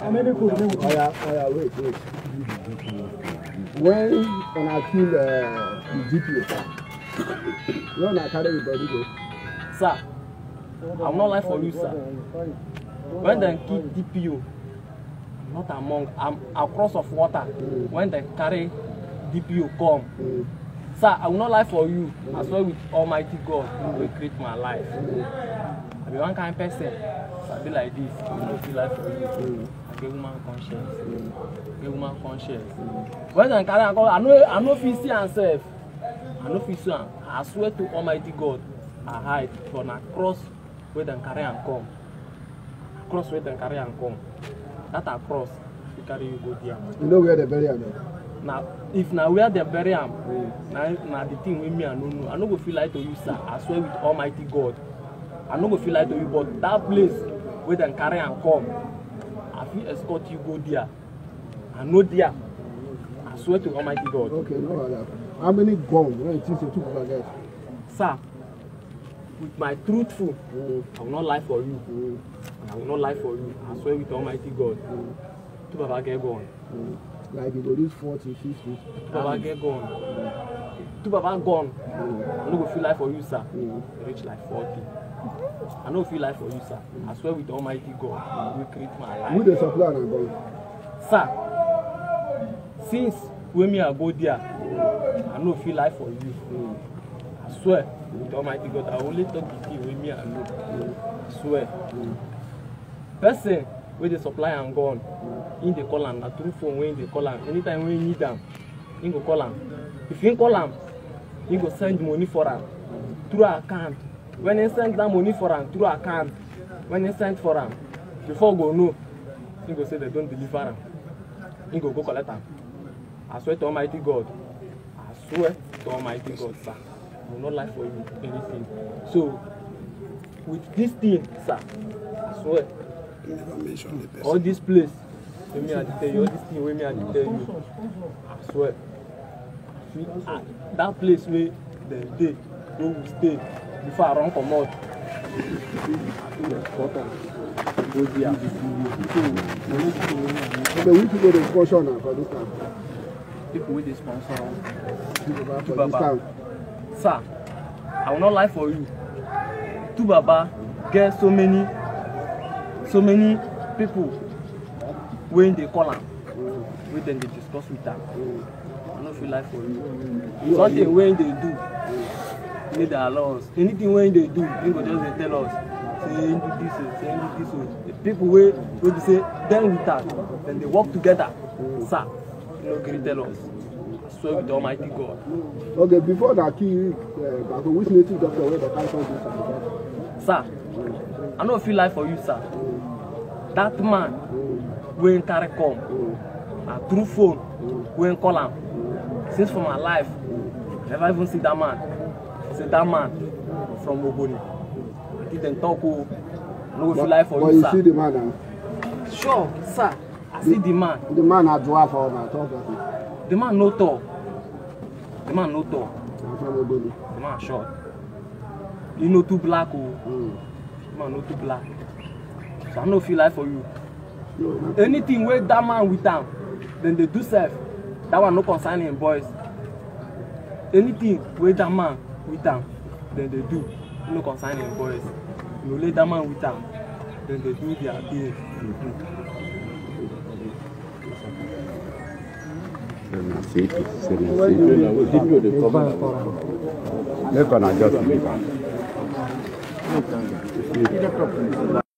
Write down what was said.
When on I kill uh, GPA, when I uh, carry the body go. Sir, I'm not lying for you, sir. When they kill DPO, not among, I'm um, across of water. Mm. When they carry DPO come. Mm. Sir, I will not lie for you. Mm. As well with Almighty God, mm. will create my life. Mm. I be one kind person. I be like this. I will not feel like for you. Mm get woman conscience get woman conscience when dem carry am come i no i no fit see am i no fit see am i swear to almighty god i hide but na cross wey carry am come cross wey dem carry am come that across cross carry you go there. you know where dem bury am Now, if now where dem bury am na na the thing with me i no know i no go feel like to you sir i swear with almighty god i no go feel like to you but that place where dem carry am come fit escort you go there. I no there. I swear to Almighty God. Okay, no wahala. How many guns you know you think say two people get? Sir, with my truthful, mm. I will not lie for you. Mm. I will not lie for you. I swear with Almighty God. Mm. Two Baba get gone. Mm. Like you go reach forty, fifty. Two Baba get gone. Mm. Two Baba gone. Mm. I no go feel lie for you, sir. Mm. Reach like forty. I know feel like for you, sir. I swear with Almighty God, you will create my life. Who the supply and God? Sir, since when me I go there, I know feel like for you. I swear with Almighty God, I only talk with you when me alone. Mm. I swear. Mm. Person wey the supply and gone, in the call and na through phone when they call and Anytime wey im need them, im go call them. If im call them, you go send money for them through our account when he send that money for am through account when he send for am before go know he go say they don't deliver am he go go collect am i swear to almighty god i swear to almighty god sir i will not lie for you anything so with this thing sir i swear all this place wey me i tell you all this thing wey me i tell you i swear ah, that place where they stay, wey we stay before I run comot. Go there. Obe which people dey sponsor na for dis town? People wey dey sponsor Tubaba. Sir, I will not lie for you. Baba get so many so many people when they call them. wey dem dey discuss with am. I no fit lie for you. Something wey im dey do need our laws. anything when they do people just dey tell us say do this o say do this the people wey wey say then with am dem dey work together sir he no gree tell us i swear with almighty god. okay before na key uh, which native doctor wey dey carry come sir i no feel lie for you sir that man when carry come na through phone when call him. since for my life never even see that man said that man from Ogoni. He give talk oh, no go life for but you, sir. But you see the man now? Sure, sir. I the, see the man. The man na dwarf or na talk like him. The man no tall. The man no tall. Na from Ogoni. The man short. He no too black oh. Mm. The man no too black. So I no feel life for you. No, Anything wey that man with them, then they do self. That one no concern him boys. Anything with that man with am Then they do e no concern im boys you lay dat man with am Then they do their thing. Make una just leave am.